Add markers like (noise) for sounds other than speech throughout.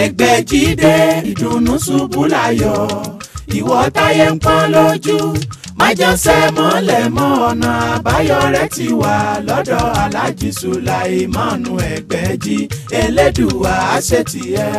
ẹgbẹ́ jíde ìdùnnú ṣubú láyọ̀ ìwọ táyé ń pọ́n lójú májẹsẹ̀ mọ́lẹ̀ mọ́ ọ̀nà àbáyọ rẹ̀ ti wà lọ́dọ̀ aláàjì sùláìmánu ẹgbẹ́jì elédùwà àṣetì ẹ̀.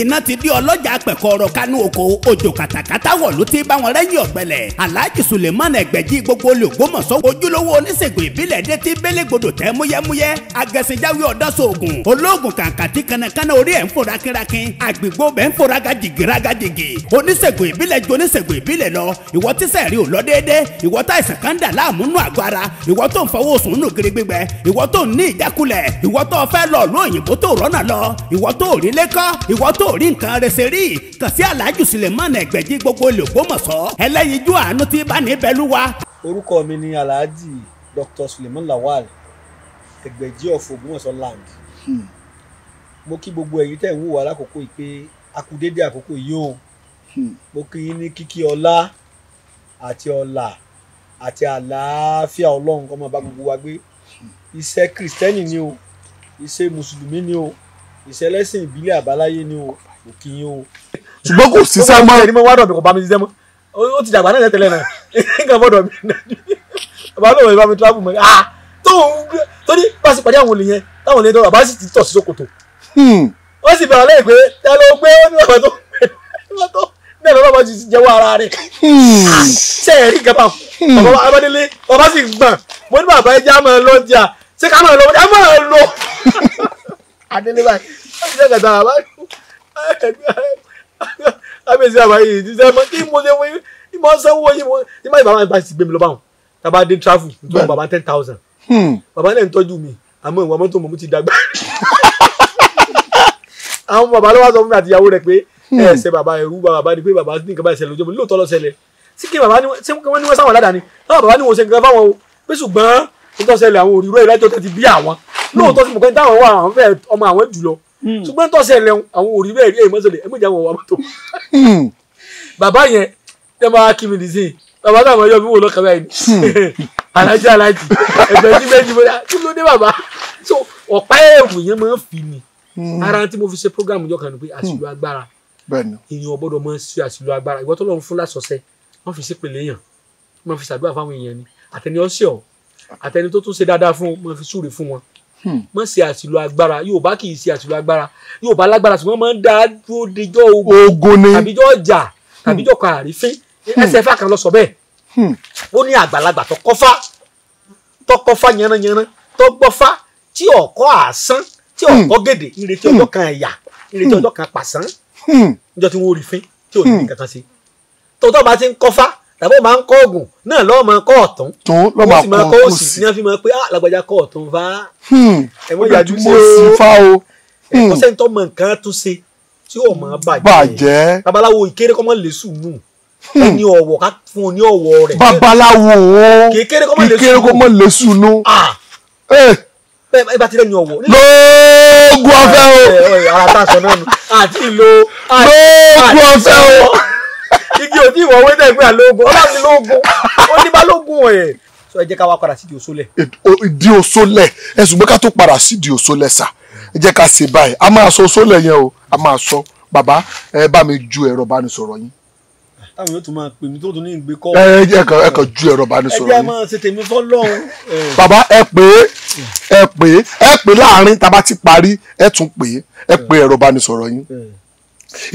iná ti di ọlọ́jà pẹ̀kọ́rọ̀ kanú oko òjò kàtàkàtà wọ̀ ló ti bá wọn rẹ́yìn ọ̀gbẹ́lẹ̀ aláàjì sùláìmánu ẹgbẹ́jì gbogbo olùgbòmọ̀sọ́ ojúlówó oníṣègùn ìbílẹ̀ dé ti bẹ́lẹ́gbodò tẹ́ múyẹ́múyẹ́ agẹ̀sìnjáwé ọ̀dọ́sọ̀ọ̀gùn olóògùn kàǹkàtì kanakana orí ẹ̀ ń fò rákínrákín àgbègbè bẹ́ẹ̀ ń fò rágàjìgì rágàjìgì oníṣègùn ìbílẹ̀ ju oníṣègùn ìbílẹ̀ lọ ìwọ tíṣẹ̀ rí ò lọ́d déédéé ìwọ tá ìsàn kan dà láàmú nù àgọ́ ara ìwọ tó ń fọwọ́ sùn nù gírí gbígbẹ ìwọ tó ń ní ìjákulẹ̀ ìwọ tó fẹ́ lọ ló òyìnbó tó rọ́nà lọ ìwọ tó rí lẹ́kọ́ ìwọ tó rí nǹkan rẹsẹ̀ rí kàn sí aláàjù Sulemon Ẹgbẹ̀jì gbogbo l'Ògbómọ̀ṣọ́ ẹlẹ́yinjú àánú tí bá ní bẹ́lúwa. orúkọ mi ni aláàjì Dr. Sulemon Lawal Ẹgbẹ̀jì of Ògbómọ̀ṣọ́ land hmm. mo kí gbogbo ẹ̀yin tẹ̀ ń wò wá lákòókò yìí pé a kú hmm. mo kí yín ní kíkí ọlá àti ọlà àti àlàáfíà Ọlọ́run kó máa bá gbogbo wa gbé iṣẹ́ kristẹni ni o iṣẹ́ mùsùlùmí ni o iṣẹ́ ẹlẹ́sìn ìbílẹ̀ àbáláyé ni o òkì yín o. ṣùgbọ́n kò sí sẹ́mọ́ ẹni mo wá dọ̀ mi kò bá mi ṣiṣẹ́ mọ́ ó ti dàgbà náà tẹ́lẹ̀ náà nǹkan bọ́dọ̀ mi bàbá náà wọ̀nyí bá mi tíráàbù mọ́ ah tó ní bá a sì pàdé àwọn olè yẹn táwọn olè tó bàbá sì ti tọ̀ sí ṣòkòtò hmm. wọ́n sì bẹ̀rẹ̀ lẹ́yìn pé tẹ́lẹ̀ ó gbé ó ní bàbá tó gbé náà lọ́wọ́ bá ti jẹ́wọ́ ara rẹ̀ hmm. ṣe é rí gàbà bàbá abádélé bàbá sì gbọ̀n mo ní bàbá ẹja máa lọ jà ṣé ká máa lọ ẹ máa lọ adélé báyìí ṣe é gàdá àbá abẹ́sí àbá yìí ti sẹ́ kí mo ṣe wọ́n yìí mo ṣe wọ́n yìí mo ní má bàbá ìbá gbé mi lọ báwọn tàbá dé tráfù nítorí bàbá ten thousand hmm. bàbá náà ń tọ́jú mi àmọ́ ìwà mọ́tò mọ̀mú ti dàgbà (laughs) àwọn bàbá ló wá sọ fún mi àtìyàwó rẹ̀ pé Hmm. ẹ ṣe bàbá ẹrú bàbá ni pé bàbá ní nǹkan bá ṣẹlẹ̀ lójúmọ́ lóòótọ́ ló ṣẹlẹ̀ sí kí bàbá ní wọ́n sáwọn aládàá ni táwọn bàbá ní wọ́n ṣe nǹkan fáwọn o pé ṣùgbọ́n nǹkan ṣẹlẹ̀ àwọn òrìrò ẹ̀ lájọ́ tẹ́tí bí àwọn hmm. lóòótọ́ sí mọ̀kẹ́ táwọn wà àwọn fẹ́ ọmọ àwọn jùlọ hmm. ṣùgbọ́n tó ṣẹlẹ̀ àwọn òrìrò ẹ̀ rí ẹ̀ mọ́ṣẹlẹ̀ ẹ̀ méjì àwọn wà mọ́tò. bàbá yẹn ẹ máa kí mi nìsín bàbá náà máa yọ mí wò lọ́kàn báyìí (laughs) alájí ah, so ọ̀pá ẹ̀wù yẹn máa ń fi ni ara tí mo fi ṣe program yọkàn ni pé àṣìlò agbára èèyàn ọgbọ́dọ̀ máa ń ṣe àṣìlò agbára ìwọ tọ́lọ́run fún lásọ̀ọ́sẹ́ wọ́n fi sípìlẹ̀ èèyàn wọ́n fi ṣàdúrà fáwọn èèyàn ni àtẹni ọ̀sẹ̀ ọ̀ àtẹni tó tún ṣe dáadáa fún wọ́n fi súre fún wọn mọ̀ hmm. ṣe àṣìlò agbára Yorùbá kì í ṣe àṣìlò agbára Yorùbá lágbára ṣùgbọ́n máa ń dá dúró dijọ́ ogun tàbíjọ́ ọjà tàbíjọ́ kan àrífín hmm. ẹsẹ̀ fà kan lọ sọ bẹ́ẹ̀ hmm. ó ní àgbàlagbà tó kọ́fá tó kọ́fá yanranyanran tó gbọ́fá tí ọ̀kọ́ àsán tí ọ̀kọ́ gèdè ìrètí ọjọ́ kan ẹ̀yà ìrètí ọjọ́ kan pàṣán Hmm. níjọ́ tí wọ́n rí fín tí ò ní kankan hmm. sí tòótọ́ bá ti ń kọ́fá tàbí máa ń kọ́ oògùn náà lọ́ọ́ máa kọ́ ọ̀tún wọ́n sì máa kọ́ òsì fi máa pé ah làgbàjá kọ́ ọ̀tún fa ẹ̀wọ́n yàjú sí o ẹ̀kọ́ hmm. sẹ́ńtọ́ mọ nǹkan tó ṣe tí ò máa bàjẹ́ babaláwo ìkéré kọ́ mọ́ lè sùnù ẹni ọ̀wọ̀ ká fún un ní ọ̀wọ̀ rẹ̀ babaláwo ìkéré kọ́ mọ́ lè sùnù ẹ bá ti rẹ́ni ọ̀wọ́. lóògùn ọ̀fẹ́ o. ara tá a sọ náà nù. àti ìlò. lóògùn ọ̀fẹ́ o. igi òdì ìwọ̀ wé dẹ̀ gbé àlóògùn ọlọ́run ni lóògùn oníbálògùn ẹ̀. sọ ẹ jẹ́ ká wá padà sídìí òṣòlẹ̀. ìdí òṣòlẹ̀ ẹ ṣùgbọ́n ká tó padà sídìí òṣòlẹ̀ sà ẹ jẹ́ ká ṣe báyìí a máa sọ òṣòlẹ̀ yẹn o a máa sọ bàbá ẹ bá mi ju ẹ̀rọ bá mi sọ̀rọ̀ yín táwọn yóò tún máa pè mí tó tún ní ìgbé kọ́. ẹ ẹ kàn ẹ kàn ju ẹ̀rọ ìbánisọ̀rọ̀ yìí. ẹ jẹ́ máa ṣe tèmi fọ́lọ́run. bàbá ẹ pè é ẹ pè é ẹ pè é láàrin tá ti parí ẹ tún pè é ẹ pè ẹ̀rọ ìbánisọ̀rọ̀ yín.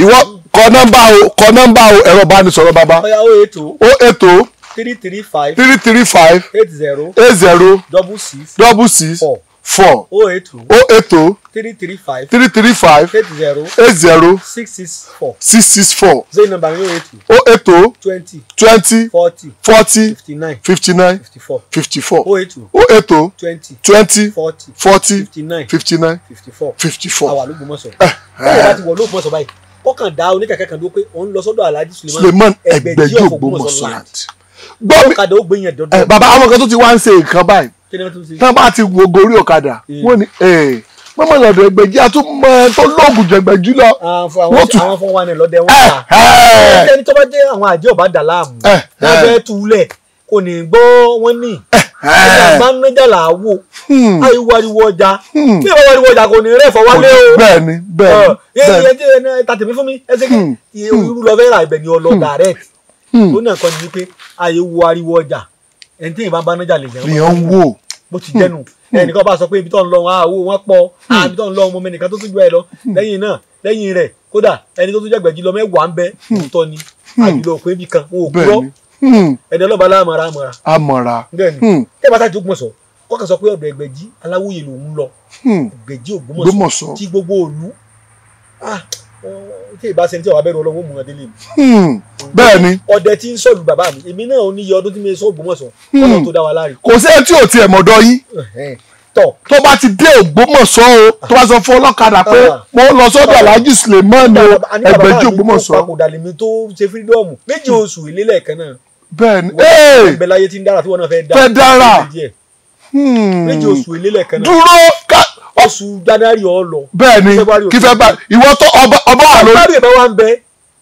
ìwọ kọ nọ́mbà o kọ nọ́mbà o ẹ̀rọ ìbánisọ̀rọ̀ bàbá. ọ̀ya o ètò. o ètò. three three five. three three five. eight zero. eight zero. double six. double six. four four O oh eight two O oh eight two three three five three three five eight zero eight zero six six four six six four zero number oh eight two O oh eight two twenty twenty forty forty fifty nine fifty nine fifty four fifty four O eight two O eight two twenty twenty forty forty fifty nine fifty nine fifty four fifty four àwa ló gbọmọ eh, eh. sọ báyìí láti wọ ló gbọmọ sọ báyìí kọkàn dá oníkàkẹ́ kan dúró pé òun lọ sọ́dọ̀ alhaji suleiman ẹgbẹ̀jì ọ̀fọ̀ gbọmọ sọ láti gbọ́ mi ọ̀kadà ó gbẹ̀yìn ẹ̀dọ́dọ́. Eh, bàbá àwọn kan tó ti wá ń ṣe nǹkan báyìí tán bá ti wo gorí ọ̀kadà hmm. wọ́n ní mọ́mọ́ lọ́dọ̀ ẹgbẹ̀jì àtúmọ̀ tó lóògùn jẹgbẹ̀jì lọ. Ah, àwọn fún wa ni lọ́dẹ wọn kà eh, eh. ẹni tó bá jẹ́ àwọn àjẹ́ ọ̀bá dà láàmú eh, wọ́n túlẹ̀ kò ní gbọ́ wọ́n ní ìgbà máa ń méjà làwọ̀ àìwáriwọ̀ hmm. ọjà bí hmm. ìwà wáriwọ̀ ọjà kò ní rẹ̀ fọwọ́lé o. bẹ́ẹ̀ni bẹ́ẹ̀ni bẹ́ẹ̀ni ẹ ta tèmi fún mi ẹ ṣe kí ẹni tí ìbá bá nájà lè yàn. lèèyàn ń wò. bó ti jẹnu hmm. ẹnìkan bá sọ pé ibi tó ń lọ ah, wọn àwọ wọn pọ àbí tó ń lọ ọmọ mi nìkan tó tún ju ẹ lọ hmm. lẹ́yìn náà lẹ́yìn rẹ̀ kódà ẹni tó tún jẹgbẹjì lọ mẹ́wàá ń bẹ hmm. òótọ́ ni àjùlọ òkú ibi kan wọn ò gbúrọ ẹni ọlọ́ba alámọ̀ra amọ̀ra. amọ̀ra. bẹ́ẹ̀ni ẹ bá sáà jókòó sọ wọn kàn sọ pé ọ̀dọ̀ ẹgbẹ̀jì aláwòye lòún lọ ẹgbẹ̀jì Ògbómọ̀ṣọ́ tí gbogbo òlu ah tí ìbá sẹni tí ọ̀wá bẹ́ẹ̀ lọ́wọ́ mú adélé mi bẹ́ẹ̀ni ọdẹ tí ń sọlù bàbá mi èmi náà ò ní ọdún tí mi sọ Ògbómọ̀ṣọ́ hmm. ọdún tó dá wa láre. kò sí etí ò tiẹ̀ mọ̀dọ́ yín tó bá ti dé Ògbómọ̀ṣọ́ o tó bá sọ fún ọlọ́kadà pé ah. mo lọ sọ́dọ̀ ah. Alhaji Suleiman o ẹgbẹ̀jì Ògbómọ̀ṣọ́. àpapọ̀dà lèmi tó ṣe fírídọ́ọ̀mù méjì hmm. oṣù ìlélẹ̀ kan náà. bẹ́ẹ̀ni ee bẹ́ẹ̀ láyé tí ń dára tí wọ́n náà fẹ́ dára hmm. méjì oṣù ìlélẹ̀ kan náà. dúró ká oṣù january ọ lọ. bẹ́ẹ̀ni kí fẹ bá ìwọ tó ọba ọba wà lórí. ọba rẹ bá wà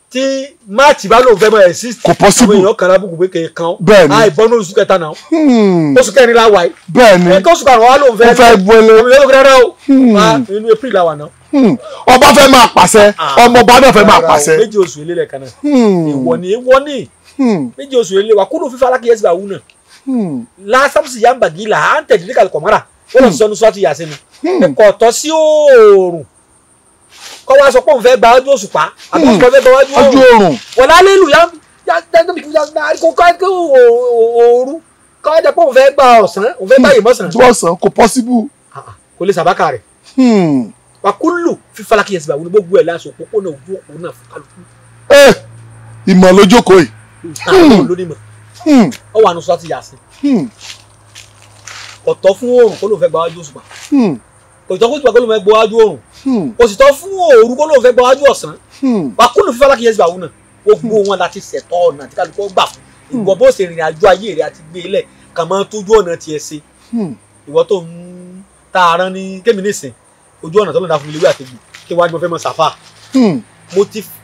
tí máàtì bá lóun fẹ́ mọ ẹ̀ sí kò pọ́sibú àwọn èèyàn kan lábùkù pé kè é kan bẹ́ẹ̀ni àìbọ́n ní oṣù kẹta náà hmm. oṣù kẹrin la wà yìí bẹ́ẹ̀ni ẹ̀ka oṣù karùn-ún wa lóun fẹ́ fẹ́ gbọ́lé ọmọ yẹn ló fi rárá o wa hmm. inú april la wà náà. Hmm. ọba fẹ́ máa pàṣẹ ah. ọmọọba náà fẹ́ máa pàṣẹ. méjì oṣù ilé rẹ̀ kan náà ìwọ ni ìwọ ni méjì oṣù ilé wa kúrò fífa alákìyèsí bá wù kọ́ wá sọ pé òun fẹ́ gba ọdún òṣùpá àbí hmm. òun fẹ́ gba ọdún òòrùn wọ́n lálẹ́ lù yá òru kọ́ ẹ́ jẹ́ pé òun fẹ́ gba ọ̀sán òun fẹ́ gba ìmọ̀sán. Hmm. tí ọ̀sán kò pọ́síbù. Ah, ah, kò lè sàbákà rẹ̀. wàkúlù fífalakì yẹn sì bá wúlò gbogbo ẹ̀ láṣọ òpópó náà ojú òpó náà fún kálukú. ẹ eh, ìmọ̀ ló jókòó yìí. àwọn olónímọ̀ ọwọ́ àánú sọ́ọ́ ti yà sí. ọ̀tọ̀ fún oòrùn kó ló fẹ́ gba ọjọ́ òṣùpá. Hmm kò tọ́ kó tìgbà kó ló fẹ́ gbọ́wájú oòrùn hmm. kò sì tọ́ fún òru kó ló fẹ́ gbọ́wájú ọ̀sán hmm. wàkúlù fífẹ́ lákìyèsí bàwù náà gbogbo hmm. wọn láti ṣètò ọ̀nà àti kálukọ́ gbà fún ìwọ bó ṣe rìnrìn àjò ayé rẹ àti gbé ilẹ̀ e kà máa tójú ọ̀nà tiẹ̀ ṣe ìwọ tó ń ta aran ní kémi nísìn ojú ọ̀nà tó lọ́dà fún ilé àti gbìn kí wájú mo fẹ́ mọ sàfà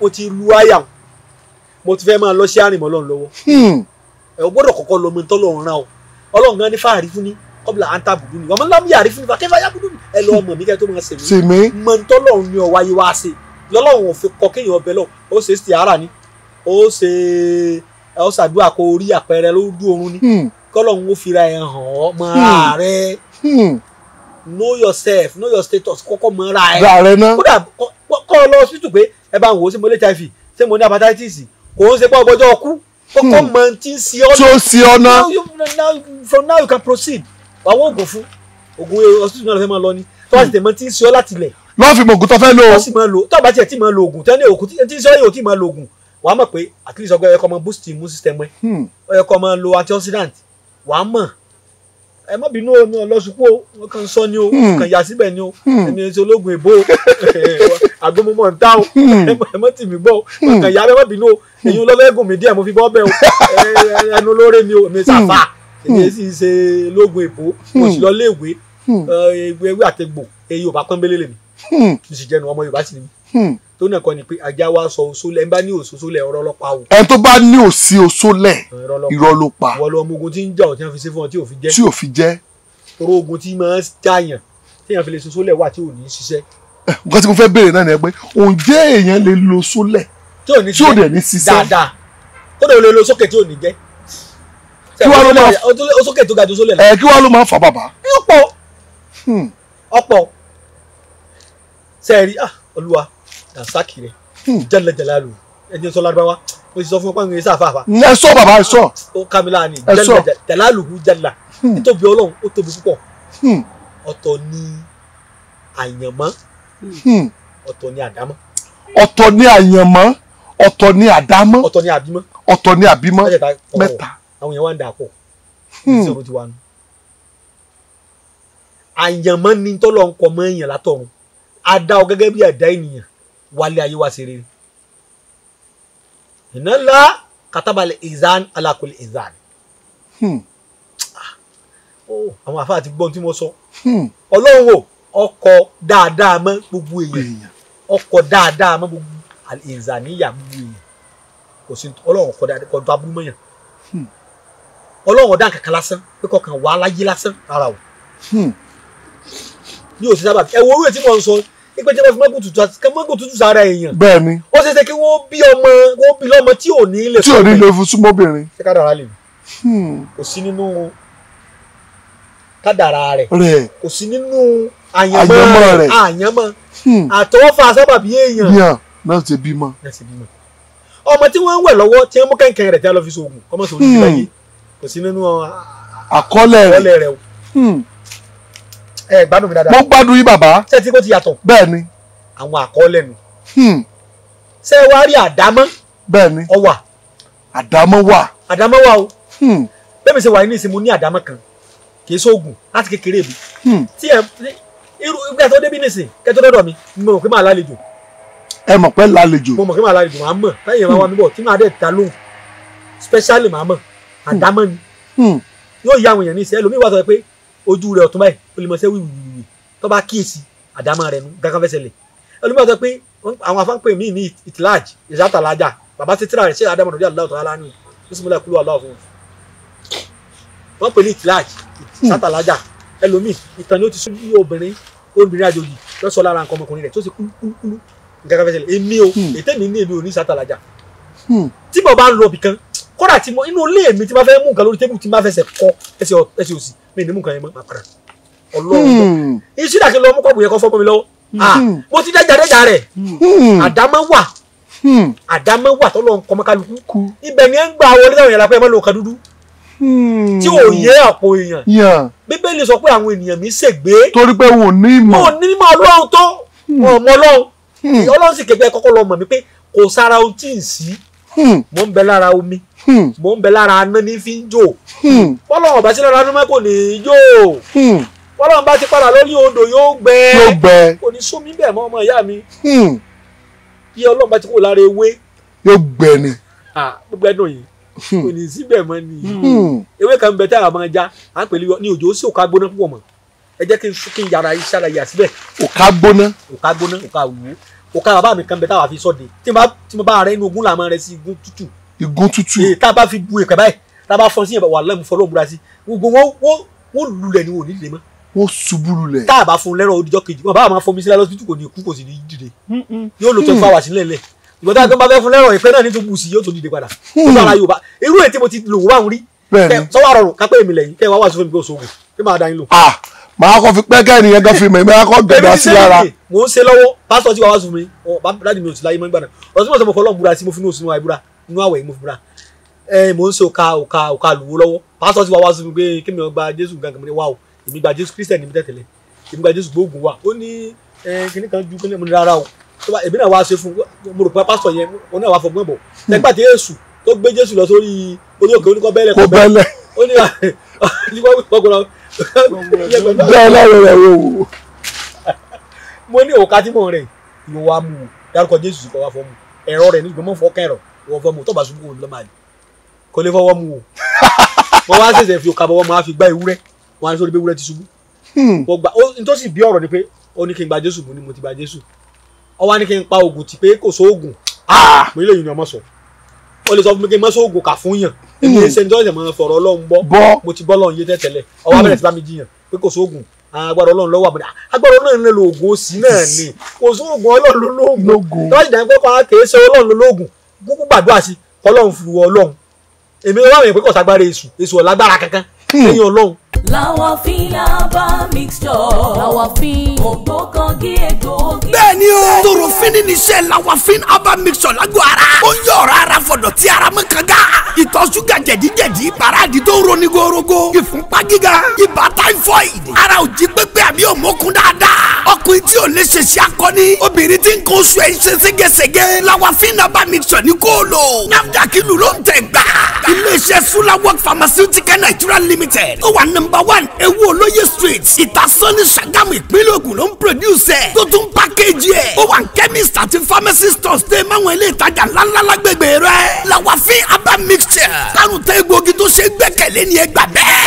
mo ti lu àyà mo ti fẹ́ máa lọ sí àrìnmọ́ lọ́n lọ́wọ́ ẹ̀ o gbọ́dọ̀ kọ́kọ́ lọ tọ́lọ́run rán o ọlọ́run gan ní fáàrí fún ni kọ́bùlà à anta ta bùdú ni ọmọ ńlá mi yàrá fún mi fà kẹfà yà bùdú ni ẹ lọ ọmọ mi kẹ́ tó máa ṣe mí mọ̀ ń tọ́lọ́run ni ọ̀wá yìí wá ṣe lọ́lọ́run ò fi kọ kéèyàn ọbẹ̀ lọ ó ṣe sìárà ni ó ṣe ó ṣàdúrà kó rí àpẹẹrẹ ló dún oorun ni hmm. kọ́lọ́run ó fira ẹ̀ hàn ọ́ mọ ara hmm. Hmm. know yourself know your status kọ́kọ́ mọ ara rẹ kódà kọ́ ọ lọ hospital pé ẹ bá ń wò ó ṣe mo lè HIV ṣé mo ní hepatitis kò ń ṣe pé ọgbọ́jọ́ ọkú kọ́kọ́ mọ ti ń ṣe ọ́nà from now you can proceed wà á wọ oògùn fún oògùn ọsítù náà lọ fẹ́ máa lọ ni tó bá ti tẹ̀mọ́ tí ń sọ láti lẹ̀. lọ́ọ́ fi mọ̀gùn tó fẹ́ lò. tó sì máa lò tó bá tiẹ̀ tí máa lo oògùn tẹ́lẹ̀ òkú tí ń sọ yóò tí máa lo oògùn wà á mọ̀ pé at least ọgbẹ́ ẹ̀kọ́ máa boost immune system ẹ̀ hmm. ẹ̀kọ́ máa lo antioxidant wà á mọ̀ ẹ má bínú ọmọ ọlọ́sùpó wọn kàn sọ ni o hmm. kàn yà síbẹ̀ ni o ẹni hmm. ẹni ológun èbó agbómọmọ (laughs) ń ta o ẹ mọ tìmí gbọ́ o kàn yà ẹ má bínú o èyí lọ́fẹ́ gùn mí díẹ̀ mo fi bọ́ bẹ́ẹ̀ o ẹnu olóore ni o èmi sàfà. Hmm. èmi sì ṣe lóògùn èbó mo hmm. sì lọ léèwé hmm. ewé àtẹgbò èyí ò bá pọ́n bélé lèmi mo sì jẹnu ọmọ Yorùbá sì ni mi tó nà kọ́ ni pé ajá wa sọ oṣó lẹ̀ ń bá ní òṣoṣó lẹ̀ ọ̀rọ̀ ọlọ́pàá o. ẹni tó bá ní òsì oṣó lẹ̀ irọ́ ló pa. wọ́n lọ ọmọ ogun tí ń jà ọ̀ tí wọ́n fi ṣe fún ọ tí ò fi jẹ́. tí ò fi jẹ́. toró ogun tí máa ń jàyàn tí èèyàn fi lè ṣoṣó lẹ̀ wà tí ò ní í ṣiṣẹ́. Eh, nǹkan tí mo fẹ́ béèrè náà ni ẹ pé ǹjẹ́ èèyàn lè lo sólẹ̀ tí ò dẹ̀ ní ṣiṣẹ́. dáadáa tó dẹ̀ lè lo sókè tí ò ní jẹ́ kí wàá ló máa o sókè tó ga tó sólẹ̀ náà. ẹ eh, kí wàá ló máa fa bàbá. Hmm. ọ̀pọ̀ ọ̀pọ̀ sẹ́ẹ̀rí ah, olúwa dànsákì rẹ̀ hmm. jẹ́lẹ̀jẹ̀lẹ̀ àlù ẹni sọ lárúbáwá mo ti sọ fún pàmò ìṣe àfààfà. ẹ sọ bàbá ẹ sọ. ó kàmílà ni jẹ́lẹ̀jẹ̀lẹ̀ àlù kù jẹ́lẹ̀ hmm. nítorí ọlọ́run ó tóbi púpọ̀ ọ̀tọ̀ ni àyànmọ́ ọ̀tọ̀ ni àdámọ́. ọ̀tọ̀ ni àyànmọ́ ọ̀tọ̀ ni àdámọ́ ọ̀tọ̀ ni àbímọ́ ọ̀tọ̀ ni àbímọ́ mẹ́ta àwọn èèyàn wá ń dà pọ̀ ìṣòro ti wà nù. àyànmọ́ ni tọ́lọ̀ ń kọ́ mọ́ èèyàn látọ̀run adá ọ gẹ́gẹ́ bí àdá ènìyàn wálé ayé wá sí rere. iná ńlá katabalẹ̀ ìzán alákùlẹ̀ ìzán. Hmm. Ah. àwọn àfáà ti gbọ́n tí mo sọ. Hmm. ọlọ́run wo ọkọ̀ dáadáa mọ́ gbogbo èèyàn ọkọ̀ dáadáa mọ́ gbogbo ìzàníyà gbogbo èèyàn kò sí ọlọ́run kọ̀ dáadáa kọ̀ tó abúmọ̀yàn ọlọ́run ọ̀dà kankan lásán pé kọkàn wà á láyé lásán rárá o. ní hmm. òsì sábà ẹ wo orí ètí mò ń sọ ipe tí wọn fi mọ́gùn tutù àti mọ́gùn tutù sára èèyàn. bẹ́ẹ̀ni. ó ṣeé ṣe kí wọn bí ọmọ wọn bí lọmọ tí ò ní lè. tí ò ní lè fún súnmọ́bìnrin. ṣé kádàrá lè mi. Hmm. kò sí nínú kádàrá rẹ̀. rẹ̀ kò sí nínú àyànmọ́ rẹ̀ àyànmọ́ hmm. àtọwọ́fà sábàbí èèyàn. náà ti bímọ. ọmọ tí wọ́n ń wẹ̀ lọ́wọ́ tí wọ́n mú kẹ̀kẹ́ rẹ̀ tí wọ́n lọ fi sóògùn ọmọ kò sí nínú ah, àkọọ́lẹ̀ rẹ̀ o hmm. ẹ gbádùn mi dáadáa. mo gbádùn yín bàbá. ṣé tí kò ti yàtọ̀. bẹ́ẹ̀ ni. àwọn àkọọ́lẹ̀ nu. Hmm. ṣé ẹ wá rí àdámọ́. bẹ́ẹ̀ ni. ó wà. àdámọ́ wà. àdámọ́ wà o. Hmm. bẹ́ẹ̀ mi ṣe wà ní ìsinmi ní àdámọ́ kan kì í ṣoògùn láti kékeré mi. tí ẹ irú ìgbà tó débi nìsín kẹjọ dọdọ mi mo mọ̀ pé màá lálejò. ẹ mọ̀ pé lálejò. mo mọ̀ pé màá lálejò màá mọ̀ táyà máa wá mi bọ̀ tí màá dẹ̀ ta lóhùn specially màá mọ̀ àdámọ́ ni hmm. yóò yá àwọn èèyàn ní iṣẹ́ ẹlòmíì wà sọ pé ojú rẹ̀ ọ̀tún báyìí ó lè mọ̀ iṣẹ́ wíwìwìwì tó bá kíyèsí àdámọ́ rẹ̀ nu gángan fẹsẹ̀ lẹ̀ ẹlòmíì wà sọ pé àwọn afánpẹ̀ mí ní ìtìláàjì ìṣàtàlájà bàbá títí rẹ̀ ṣé àdámọ́ rẹ̀ aláwọ̀ tó aláàánú bísímúlẹ̀ kúlú aláwọ̀ fún wọn pè ní ìtìláàjì ìṣàtàlájà hmm. ẹlòmíì ìtàn ni ó ti sún bí obìnrin obìnrin àjòjì lọ́sọ̀ lára nǹkan ọmọkùnrin rẹ̀ tó ṣe kúlúkúlú nǹkan kan fẹsẹ̀ lẹ̀ èmi o hmm. ètè mi ní èmi ò ní ìṣàtàlájà tí bàbá ń lọ bìkan kódà tí mo inú ilé mi tí ma fẹ́ mú nǹkan lórí tébù tí ma fẹsẹ̀ kọ ẹsẹ̀ ẹsẹ̀ òsì mi ní mú nǹkan yẹn mọ́ àpàrà ọlọ́run hmm. iṣẹ́ ìdàkẹ́ lọ mú kọ́ọ̀bù yẹn kọ́ fọ́ mi lọ́wọ́ hmm. ah, mo ti dájà dájà rẹ̀ hmm. àdámọ́ wà àdámọ́ wà tọ́lọ́ nǹkan mọ́kálukú ibẹ̀ ni ẹ ń gbà wọlé táwọn yẹn la pẹ́ mọ́ lóka dúdú tí o yé àpò èèyàn bíbélì sọ pé àwọn ènìyàn mi ṣègbé torí pé wọn ò ní ìmọ̀ wọn ò ní ìmọ̀ ọlọ́run tó ọmọ ọlọ́run ọlọ́run sì kékeré kọ́kọ́ lọ mọ̀ mí pé kò sára ohun tí ì sí Hmm. mo ń bẹ lára omi hmm. mo ń bẹ lára aná ní fi ń jò bọ́lá ọ̀bá sí lára anúmọ́ kò ní í jò hmm. bọ́lá ọ̀bá ti padà lórí odò yóò gbẹ kò ní sómi bẹ́ẹ̀ mọ́ ọmọ ìyá mi bí ọlọ́ọ̀bá ti kó lára ewé yóò gbẹ ni gbogbo ẹdùn yìí kò ní síbẹ̀ mọ́ ni ewé kan bẹ tí a máa já à ń pèlú ní òjò ó sì òkà gbóná púpọ̀ mọ́ ẹ jẹ́ kí n yàrá iṣẹ́ ara yà síbẹ̀. òkà gbóná òkà gbóná òkà wù ú òkà bàbá mi kan bẹ táwa fi sọdẹ tí mo bá rẹ inú ogun làmọ rẹ sí igun tútù. igun tútù. ee tá a bá fi bu èkó báyìí tá a bá fọn sí yẹn wà lẹ́mu fọlọ́ òmùra sí gbogbo wọn wọn wọn lulẹ̀ ni wọn ò ní dìde mọ́. wọn ṣubú lulẹ̀. tá a bá fún lẹ́rọ̀ odijọ́ kejì wọn bá máa fọmi sílẹ̀ lọ́sibítù kò ní kú kò sì ní dìde. yóò lo twenty four hours nílẹ̀ lẹ̀ ìgbọ́dọ̀ àti bá fẹ́ fún lẹ́rọ̀ ìpẹ́ náà ní tó bù sí yóò tó dìde padà. ó bára Yorùbá irú ètí mo ti lò wá ń rí. bẹ́ẹ̀ni sọ wà rọrùn kápẹ́ èmi lẹ́yìn kẹ́ ẹ wá wà sófin mi kó sóògùn kí máa dá yín mò ń ṣe lọ́wọ́ pásítọ̀ tí wàá wá sùn mi láti mi ò sí láyé mọ́ gbàdàn ọ̀sùn mọ̀ sọ mo fọ́ lọ́ọ̀ búra sí mo fi inú òsùn wa ìbúra inú àwẹ̀ mo fi búra mò ń ṣe òka òka òka lùwó lọ́wọ́ pásítọ̀ tí wàá wá sùn mi pé kí mi gba Jésù gangan mi ní wà o èmi gba Jésù Kristian ní mi tẹ̀tẹ̀lẹ̀ èmi gba Jésù gbóògùn wa ó ní kíní kan ju kíní mi rárá o èmi náà wá ṣe fún mo rò pé pásítọ̀ yẹn òun náà wá fọgbọ́n bọ̀ hmm. nígbà tí Jésù tó gbé Jésù lọ sórí orí òkè oníkọ́ bẹ́ẹ̀lẹ̀ kọ́ mo ní òkà tí mò ń rẹ̀ ìwọ wa mú un dárúkọ jésù kọ wa fọ́ mu ẹ̀rọ rẹ̀ nígbà mọ́ fọ́ kẹrọ wọ́n fọ́ mu tọ́ba ṣubú kò kò lè fọwọ́ mu o (laughs) mo wá ṣẹ̀ṣẹ̀ fi òkà bọ́wọ́ máa fi gbá ewúrẹ́ wọn á sọ pé ewúrẹ́ ti ṣubú hmm. mo gbà ó n tó sì bí ọ̀rọ̀ ni pé ó ní kí n gba jésù mo ní mo ti gba jésù ó wá ní kí n pa oògùn ti pé kò sóògùn ah! mo ní lè yìn ọmọ sọ ó lè sọ fún mi kí n mọ sóògùn kà fún yàn èmi ní sẹ́ni tó mọ́ fọ̀rọ̀ ọlọ́run bọ́ mo ti bọ́ ọlọ́run yé tẹ́tẹ́lẹ̀ ó wá hmm. bẹ̀rẹ̀ bá mi jiyàn pé kò sóògùn agbára ọlọ́run lọ́wọ́ àbúdá agbára ọlọ́run lè lo oògùn òsì náà ni kò sí oògùn ọlọ́run lolóògùn lọ́wọ́ ìdáni pé kọ́ra kìí ṣe ọlọ́run lolóògùn kúkú gbàdúrà sí ọlọ́run fi wọ ọlọ́run èmi wá mi pé kò sagbára èṣù èṣù ọ̀lágbára kankan hmm. lẹ́yìn ọlọ́run. Lawafin laba mixture. Lawafin. Ògbókangí egbòogi. Bẹ́ẹ̀ni o, torofin ni iṣẹ́ Lawafin herbal mixture lágbo ara. Ó ń yọ̀ ọ̀rọ̀ ara fọ̀dọ̀ tí ara mú kanga ìtọ̀ ṣúgà jẹ̀díjẹ̀dí paráàdì tó roni gorogo ìfúnpá gíga ibà táífọ̀ìdì ara ò jí pépé àbí òmókun dáadáa ọkùnrin tí ò lè ṣe ṣe akọni obìnrin tí ń kó oṣù ẹ̀ ń ṣe ségesège làwọn fínà bá ní kóòlò nafdac lù ló ń tẹ̀ gbà. iléeṣẹ́ sulawok pharmaceutical nigeria limited ó wà nọmba one ewu olóye street ìtasọ́ni sàgámù ìpínlẹ̀ Ògùn ló ń produce ẹ̀ tó tún pákéjì ẹ̀ ó wà ní chemist àti pharmacy stores tẹ́ máwọn ilé ìtajà ńláńlá lágbègbè rẹ̀ làwọn fín mixture hallelujah. kárùn tẹ́ egbògi tó ṣe gbẹ́kẹ̀lé ni ẹ gbà bẹ́ẹ̀.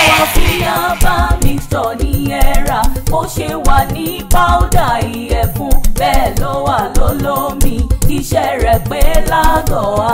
àwọn tí a bá mi sọ ní ẹ̀rà ó ṣe wà ní pàwùdà ìyẹ̀fun bẹ́ẹ̀ ló wà lólómi iṣẹ́ rẹ̀ pé lágọ̀ọ́.